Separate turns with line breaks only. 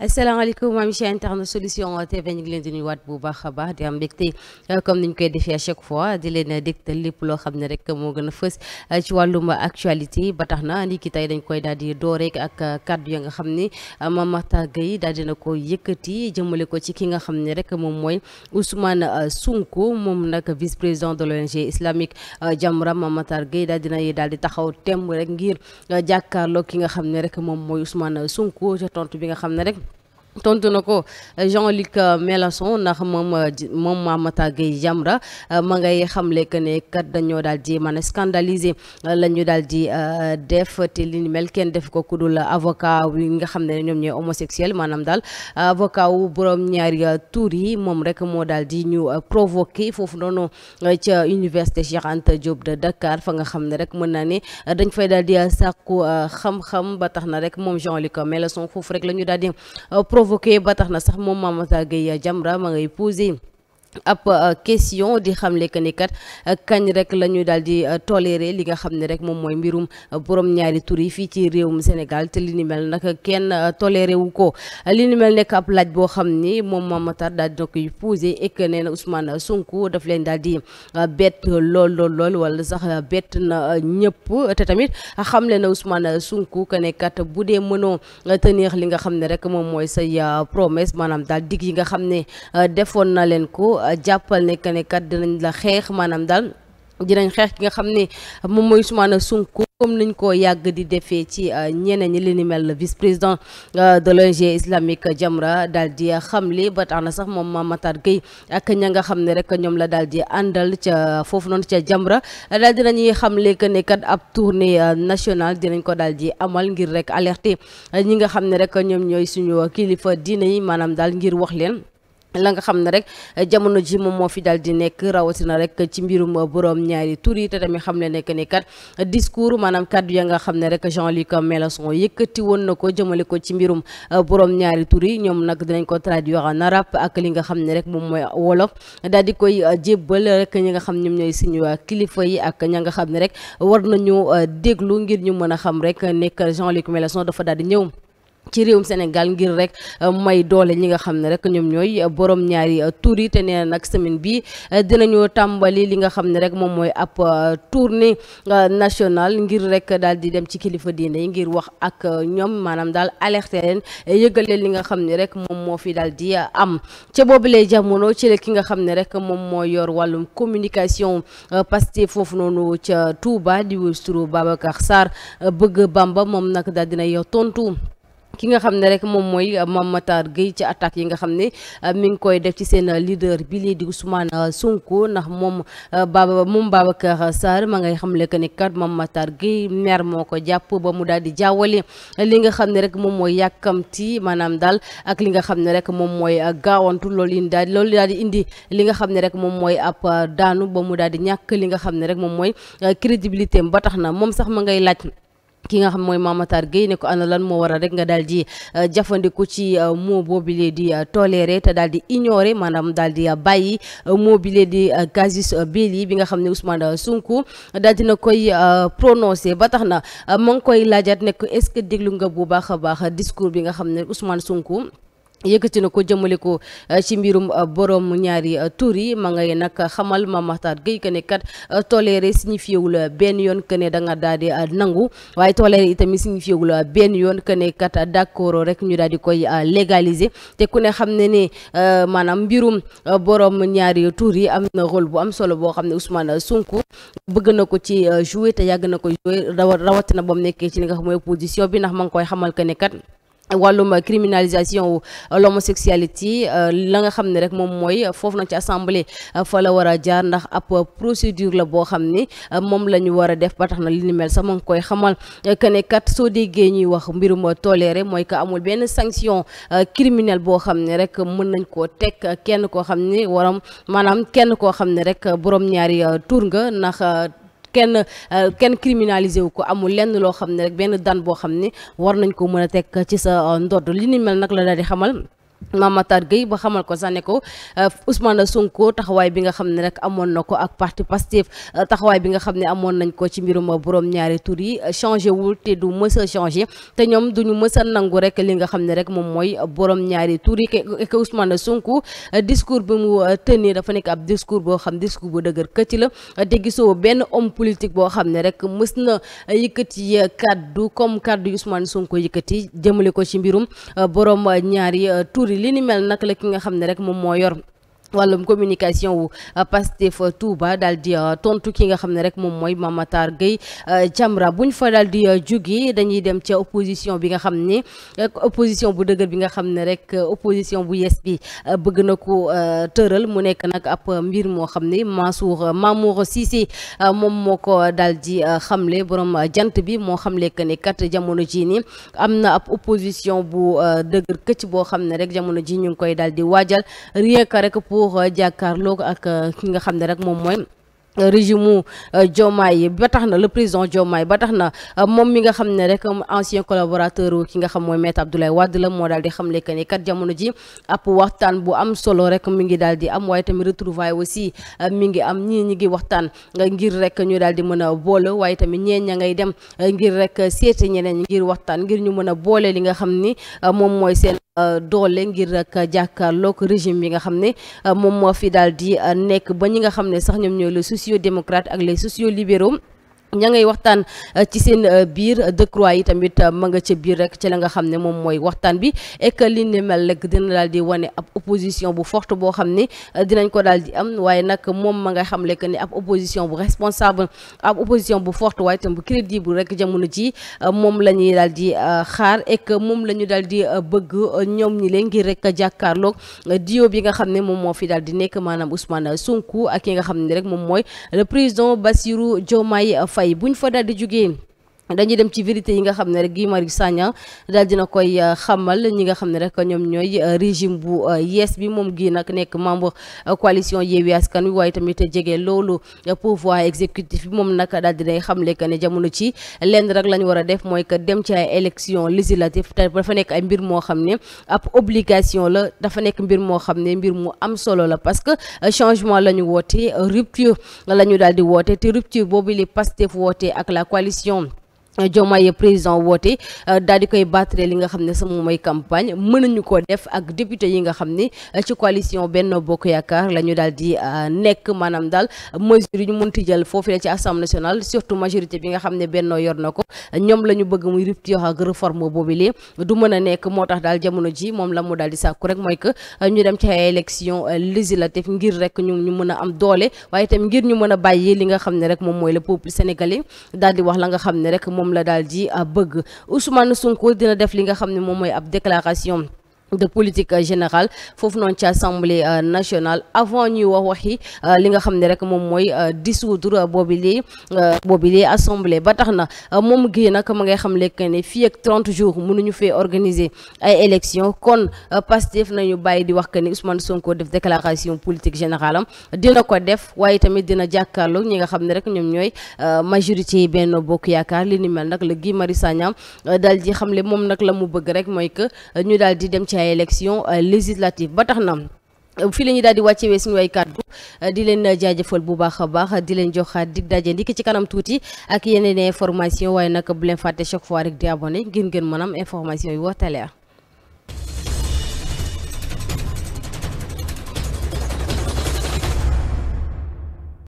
asalaamaaleykum am chaîne internet solution TV ñu ngi leen di nuyuwaat bu baax a baax di am mbégte euh, comme ni ñu koy defee à chaque fois di leen dégtal lépp loo xam ne rek moo gën a fës euh, ci wàllum actualité ba tax na ni ki tey dañ koy daal di door rek ak euh, kàddu ya nga xam ni Mame Makhtar Gueye daal dina ko yëkkati jëmale ko ci ki nga xam ne rek moom mooy Ousmane sunk moom nag vice président de l'ONG islamique Jamra Mame Makhtar Gueye daal daal di taxaw temm rek ngir jàkkaarloo ki nga xam ne rek moom mooy Ousmane Sonko ca tontu bi nga xam ne rek tontu na ko Jean-Luc euh, Mélenchon ndax moom euh, moom Mamata Gueye Jamra euh, ma ngay xamle que ne kat dañoo daal di man scandaliser la ñu daal di def te li ni kenn def ko kudul avocat wi nga xam ne ñoom ñooy homosexuel maanaam daal avocat wu borom ñaari tur yi moom rek moo daal di ñu provoqué foofu noonu ca université Cheikh Anta Diop de Dakar fa nga xam ne rek mën naa ne dañ fay daal di sàkku xam-xam ba tax na rek moom Jean-Luc Mélenchon foofu rek la ñu daal provoqué ba tax na sax moom Mamata Gueye Jamra ma ngay posé ab euh, question di xamle que ni kat euh, kañ rek la ñuy daal di euh, toléré li nga xam ne rek moom mooy mbirum boroom ñaari tur yi fii ci réewum Sénégal te li ni mel nag kenn toléré ko li ni mel nekk ab laaj boo xam ni moom ma daal di koy posé et que nee na Ousmane Sonko daf leen daal di bett lool lool lool wala sax bett na ñëpp te tamit xamle na Ousmane Sonko que ne kat bu dee mënoo tenir li nga xam ne rek moom mooy say promesse maanaam daal dig yi nga xam ne defoon na leen ko. jàppal ne que ne kat dinañ la xeex maanaam daal dinañ xeex ki nga xam ne moom mooy Ousmane Sonko comme niñ ko yàgg di defee ci euh, ñeneen ñi li ni mel vice président euh, de l'ONG islamique Jamra daal di xamle ba tax na sax moom Mame Matar Gueye ak ña nga xam ne rek ñoom la daal di àndal ca foofu noonu ca Jamra daal di nañuy xamle que ne kat ab tournée euh, nationale dinañ ko daal di amal ngir rek alerter ñi nga xam ne rek ñoom ñooy suñu kilifa diine yi maanaam daal ngir wax leen. la nga xam ne rek eh, jamono ji moom moo fi dal di nekk rawatina rek ci mbirum eh, borom ñaari tur yi te tamit xam ne nekk ni kat eh, discours maanaam kaddu ya nga xam ne rek Jean-Luc Mélenchon yëkkati woon na ko jëmale ko ci mbirum borom ñaari tur yi ñoom nag dinañ ko traduire en arabe ak li nga xam ne rek moom mooy wolof daal di koy jébbal rek ñi nga xam ñoom ñooy suñu kilifa yi ak ña nga xam ne rek war nañu déglu ngir ñu mën a xam rek nekk Jean-Luc Mélenchon dafa daal di ñëw. ci réewum Sénégal ngir rek euh, may doole ñi nga xam ne rek ñoom ñooy euh, borom ñaari euh, tour yi te nee nag semaine bi dinañu tàmbali li nga xam ne rek moom mooy ab tournée nationale ngir rek daal di dem ci kilifa diine ngir wax ak ñoom maanaam daal alerter leen li nga xam ni rek moom moo fi daal di am ca boobulee jamono ci la ki nga xam ne rek moom moo yor wàllum communication Pastef foofu noonu ca Touba di wusturu Babacar Sarr bëgg Bamba moom nag daal dina yor tontu ki nga xam ne rek moom mooy Mame Matar Gueye ci attaque yi nga xam ne euh, mi ngi koy def ci seen leader bi lii di Ousmane euh, Sonko ndax moom euh, Baba moom Babacar Sarr ma ngay xamle que ni kat Mame Matar Gueye mer moo ko jàpp ba mu daal di jaawale li nga xam ne rek moom mooy yàkkamti maanaam daal ak li nga xam ne rek moom mooy gaawantu loolu indi daal loolu di indi li nga xam ne rek moom mooy ab daanu ba mu daal di ñàkk li nga xam ne rek moom mooy crédibilité ba tax na moom sax ma ngay laaj. ki nga xam mooy Mamatar Gueye ne ko ana lan moo waral rek nga daal di euh, jafandiku ci euh, mot boobile di euh, toléré te daal di ignoré maanaam daal di bàyyi mot bile di casus belli bi nga xam ne Ousmane Sonko daal na koy prononcé ba tax na ma ngi koy laajaat ne ko ce que déglu nga bu baax a baax discours bi nga xam ne Ousmane Sonko yëkkati na ko jëmale ko eh, ci mbirum eh, borom ñaari eh, tur yi ma ngay nag xamal ma Makhtar Gueye que ne kat toléré signifié wul benn yoon que ne da nga daal di nangu waaye toléré itamit signifié wul benn yoon que ne kat d'accord rek ñu daal di koy légaliser te ku ne xam ne ne maanaam mbirum borom ñaari tur yi am na rôle bu am solo boo xam ne Ousmane Sonko bëgg na ko ci jouer te yàgg na ko jouer rawatina ba mu nekkee ci li nga xam mooy opposition bi ndax ma ngi koy xamal que ne kat. wàllum criminalisation wu euh, l'homosexualité euh, la nga xam ne rek moom mooy foofu na ci assemblée euh, fa la war a jaar ndax ab procédure la boo xam ne moom la ñu war a def ba tax na li ni mel sax ma koy xamal que ne kat soo déggee ñuy wax mbirum toléré mooy que amul benn sanction criminelle boo xam ne rek mën nañ koo teg kenn koo xam ne waram maanaam kenn koo xam ne rek boroom ñaari tur nga ndax kenn euh, kenn criminalisé wu ko amul lenn loo xam ne rek benn dan boo xam ne war nañ ko mën a teg ci sa euh, ndodd li nu mel nag la daal di xamal Mame Matar ba xamal ko sax ne ko euh, Ousmane Sonko taxawaay bi nga xam ne rek amoon na ko ak parti Pastef euh, taxawaay bi nga xam ne amoon nañ ko ci mbirum borom ñaari tur yi euh, changé wul te du mës a te ñoom duñu mës a nangu rek li nga xam ne rek moom mooy borom ñaari tur yi ke Ousmane Sonko discours bi mu tenir dafa nekk ab discours boo xam discours bu dëgër këcc la te benn homme politique boo xam ne rek mës na yëkkati kaddu comme kaddu Ousmane Sonko yëkkati jëmale ko ci mbirum borom ñaari tur li ni mel nag la ki nga xam ne rek moom yor wàllum communication wu euh, Pastef Touba daal di euh, tontu ki nga xam ne rek moom mooy Mame Matar Gueye euh, Jamra bu fa daal di jóge dañuy dem ca opposition bi nga xam ne opposition bu dëgër bi nga xam ne rek opposition bu yes bi bëgg na ko tëral mu nekk nag ab mbir moo xam ne Mansour Mamour Cissé moom moo ko daal di xamle borom jant bi moo xamle que ne kat jamono jii ni am na ab opposition bu dëgër këc boo xam ne rek jamono ji ñu ngi koy daal di waajal rek pour pour euh, jàkkaarloog ak euh, ki nga xam ne rek moom mooy. jomaa euh, Diomaye ba tax na la le président Diomaye ba tax na moom mi nga xam ne rek ancien collaborateur ki nga xam mooy maître Abdoulaye Wade la moo daal di xamle que ni kat jamono ji ab waxtaan bu am solo rek mi ngi daal di am waaye tamit retrouvaille aussi mi ngi am ñii ñi ngi waxtaan ngir rek ñu daal di mën a boole waaye tamit ñeen ña ngay dem ngir rek seete ñeneen ngir waxtaan ngir ñu mën a boole li nga xam ni moom mooy Euh, doole ngir rek jàkkaarloog régime bi nga xam ne euh, moom moo fi daal di euh, nekk ba ñi nga xam ne sax ñoom ñooy les sociaux démocrates ak les sociaux libéraux ña ngay waxtaan euh, ci seen euh, biir euh, Decroix yi tamit ma nga ca biir rek ci la nga xam ne moom mooy waxtaan bi et que li mel rek dina daal di wane ab opposition bu forte boo xam ne dinañ ko daal di am waaye nag moom ma nga xam que ni ab opposition bu responsable ab opposition bu forte waaye tam bu crédible rek jamono ji moom la ñuy daal di xaar et moom la ñu daal di bëgg ñoom ñi leen ngir rek jàkkaarloog dio bi nga xam ne moom moo fi daal di nekk maanaam Ousmane Sonko ak ki nga xam rek moom mooy fay buñ fa daldi jugee dañuy dem ci vérité yi nga xam ne rek Guy Marius Sagna daal dina koy euh, xamal ñi nga xam ne rek ñoom ñooy euh, régime bu euh, yees bi moom gii nag nekk membre coalition Yewwi Askan Wi waaye tamit jege loolu pouvoir exécutif bi moom nag daal dinay xamle que ne jamono ci lenn rek la ñu war a def mooy que dem ci ay élection législative te dafa nekk ay mbir moo xam ne ab obligation la dafa nekk mbir moo xam ne mbir mu am solo la parce que changement la ñu woote rupture la ñu daal di woote te rupture boobu li Pastef woote ak la coalition Diomaye président woote euh, daal di koy battre li nga xam ne sama mooy campagne mën nañu ko def ak député yi nga xam ne euh, ci coalition Benno Bokk Yaakaar la ñu daal di euh, nekk maanaam daal mesure yi ñu mën mënti jël foofule ci assemblée nationale surtout majorité bi nga xam ne Benno yor na ko ñoom la ñu bëgg muy rupture ak réforme boobu lee du mën a nekk moo tax daal jamono ji moom la mu daal di sàkku rek mooy que ñu dem ci ay élection législative ngir rek ñu ñu mën a am doole waaye itam ngir ñu mën a bàyyi li nga xam ne rek moom mooy le peuple sénégalais moom la daal di euh, bëgg Ousmane Sonko dina def li nga xam ne moom mooy ab déclaration de politique générale foofu noonu ci assemblée euh, nationale avant ñuy wax waxi euh, li nga xam ne rek moom mooy euh, dissoudre boobi lee boobi ba tax na moom gi nag ma ngay xam lekk ne fii ak 30 jours mënuñu fee organiser nañu bàyyi di wax que ni Ousmane Sonko def déclaration politique générale am dina ko def waaye tamit dina jàkkaarloo ñi nga xam ne rek ñoom ñooy majorité yi Benno Bokk Yaakaar li ni mel nag la Guy Marius Sagna daal di xam le moom nag la mu bëgg rek mooy que ñu daal di dem ay élection euh, législative ba tax na fii la ñuy daal di wàccewee suñu ay kàddu euh, di leen jaajafal bu baax a baax di leen jox dig daje ndikk ci kanam tuuti ak yeneen information waaye nag bu leen fàtte chaque fois rek di abonné ngir ngeen mën am information yu waxtale